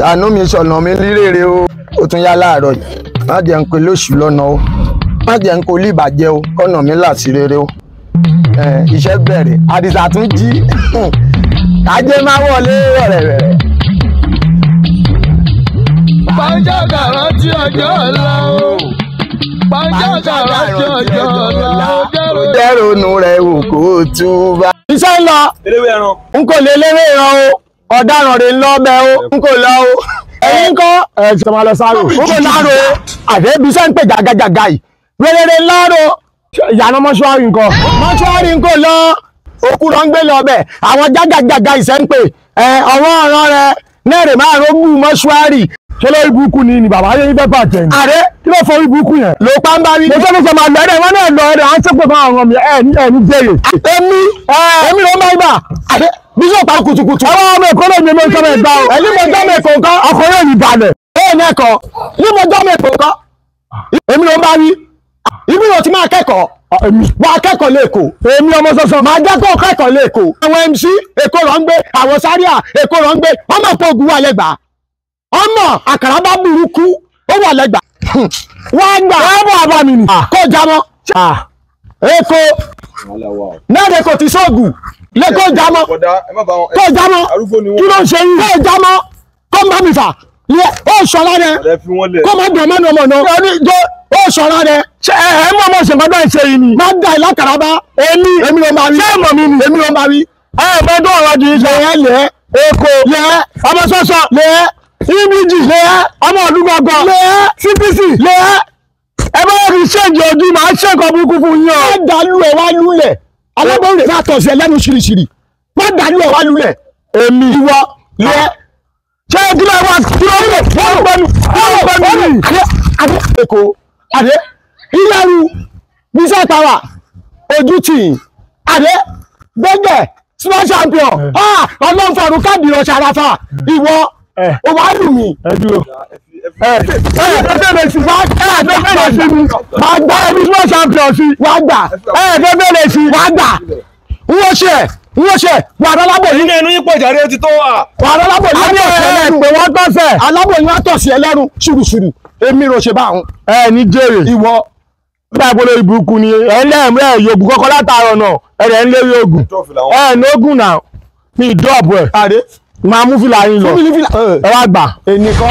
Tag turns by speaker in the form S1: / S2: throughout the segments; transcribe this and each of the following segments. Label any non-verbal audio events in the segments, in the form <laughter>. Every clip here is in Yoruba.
S1: ṣàánú mi ṣọ̀nà mi lérèrè o ó tún yá láàárọ̀ yìí má jẹ́ ń pe lóṣù lọ́nà o má jẹ́ ń pe olíbàjẹ́ o kọ́nà mi là sí rere o iṣẹ́ bẹ̀rẹ̀ àdìsá tún jí kájé <laughs> má wọlé rẹ̀rẹ̀rẹ̀. pàjá kàrá tí ọjọ́ ọ̀la o pàjá kàrá tí ọjọ́ ọ̀la o jẹ́rònú rẹ̀ wò kó tún bá. iṣẹ́ ń lọ n kò lè lérè ìran o ọ̀daràn rẹ̀ ń lọ bẹ́ o n kò lọ o ẹ̀yin kọ́ ẹ̀ ti máa lọ sáró n kò láró àdébísẹ́ ń pè jàgàjàgà yìí rere láró ìyànà mọ́ṣúárì nǹkan mọ́ṣúárì nǹkan lọ òkúrọ̀ ń gbé lọ bẹ̀ àwọn jàgàjàgà ìṣẹ́ ń pè ọ̀rọ̀ ọ̀rọ̀ rẹ̀ náà rè máa rógbù mọ́ṣúárì ṣọlọ́ ibuku ni ni bàbá yẹn fẹ́ bàjẹ́ ni. ààrẹ kí ló fọ ibùkún yẹn. ló pa ń bá mi. mo sọ fún sọmọ àgbẹ̀rẹ̀ wọn náà lọ rẹ̀ à ń sẹ́pẹ̀ fún àwọn ọmọ ẹ̀ ẹ̀ ní jẹ́yè. èmi èmi ló ń bá ibà àdé bísọ̀pù kùtùkùtù. àwọn ọmọ ẹ̀kọ́ náà ni mo ń gbà o. ẹni mo jọ́ mẹ́ kò ọkùnrin yóò ní balẹ̀. bẹ́ẹ̀ ni ẹ̀kọ́ ni mo jọ́ mẹ́ kò kán. èmi ló ń bá wí. ibi yóò ti máa kẹ́kọ̀ọ́ wà kẹ́kọ̀ọ́ lẹ́kọ̀ọ́ èmi ọmọ sọ́sọ́ máa jẹ́ kó kẹ́kọ̀ọ́ lẹ́kọ̀ọ́ àwọn MC èkó rọ̀ ń gbé àwọn sáríà èkó rọ̀ ń gbé wọ́n máa pọ̀ ògùn wà lẹ́gbàá ọmọ àkàrà bá burúkú ó wà lẹ́gbàá wá gbà wá bọ̀ àbá mi nì ah. kó jamọ́ èkó náà kò ti sóògùn lè kó jamọ́ kó jamọ́ kí ló ń ṣe yín kó jamọ́ kó má mi fà ó ṣọlá rẹ kó má dùn mẹ́nu ọmọ náà ó ṣọlá rẹ ṣe ẹ mọ ọmọ ṣe gbọdọ ṣe yìí ni má da ìlà kàràbà èmi èmi ló máa wí ṣé mọ mi ni èmi ló máa wí ẹ bẹ dún ọ̀rọ̀ ju iṣẹ́ yẹn lẹ èkó lẹ ọmọ sọsọ lẹ imiji lẹ́ẹ̀ ọmọ ọdún gbọ̀ngàn lẹ́ẹ̀ cpc lẹ́ẹ̀ ẹ bá rí ṣèǹjì ọdún máa ṣèǹkọ burúkú fún yín o. wọ́n dàlú ẹ̀ wá lulẹ̀ alábọ̀rẹ̀ máa tọ̀ sí ẹ lẹ́nu ṣìrìṣìrì wọ́n dàlú ẹ̀ wá lulẹ̀ èmi ìwọ lẹ́ẹ̀ ṣé kí ló wá kí ló wúlò wọ́n gbẹ mi wọ́n gbẹ mi àdé àdé èkó àdé ìlàrú bísí àtàwà ojú tì í àdé gbẹgbẹ small champion ah, ọlọ́nfọ̀rù káàdì ọ̀ṣàràfà ìwọ Eh. o wá lù mí. ẹ dúró ẹ ẹ bẹ̀rẹ̀ sí wá ẹ ẹ bẹ̀rẹ̀ sí mi wá gbà ẹni tí wọ́n champion sí wá gbà ẹ ẹ bẹ̀rẹ̀ sí wá gbà n wọ́n ṣe n wọ́n ṣe wàrà alábòyí. nínú inú yín pọ̀ jàre ti tó wà. wàrà alábòyí wọn tọ̀sí ẹlẹ́rù pé wọ́n gbọ́sẹ̀. alábòyí wọn tọ̀sí ẹlẹ́rù ṣùrùṣùrù èmi rò ṣe báwọn. ẹ ní jèrè ìwọ nígbà ìpolówó ìbùkún ni ẹ ń lẹ́ẹ̀mú ẹ̀ yòògùn kọ́kọ́ látàárọ̀ náà ẹ̀ ń lérí ogun ẹ̀ ń lógún náà mi ìdọ́ọ̀bù ẹ̀ máa mú fìlà yín lọ ẹ wá gbà. ẹnìkan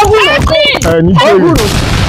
S1: ọgùn lọkọ ẹnì jèrè.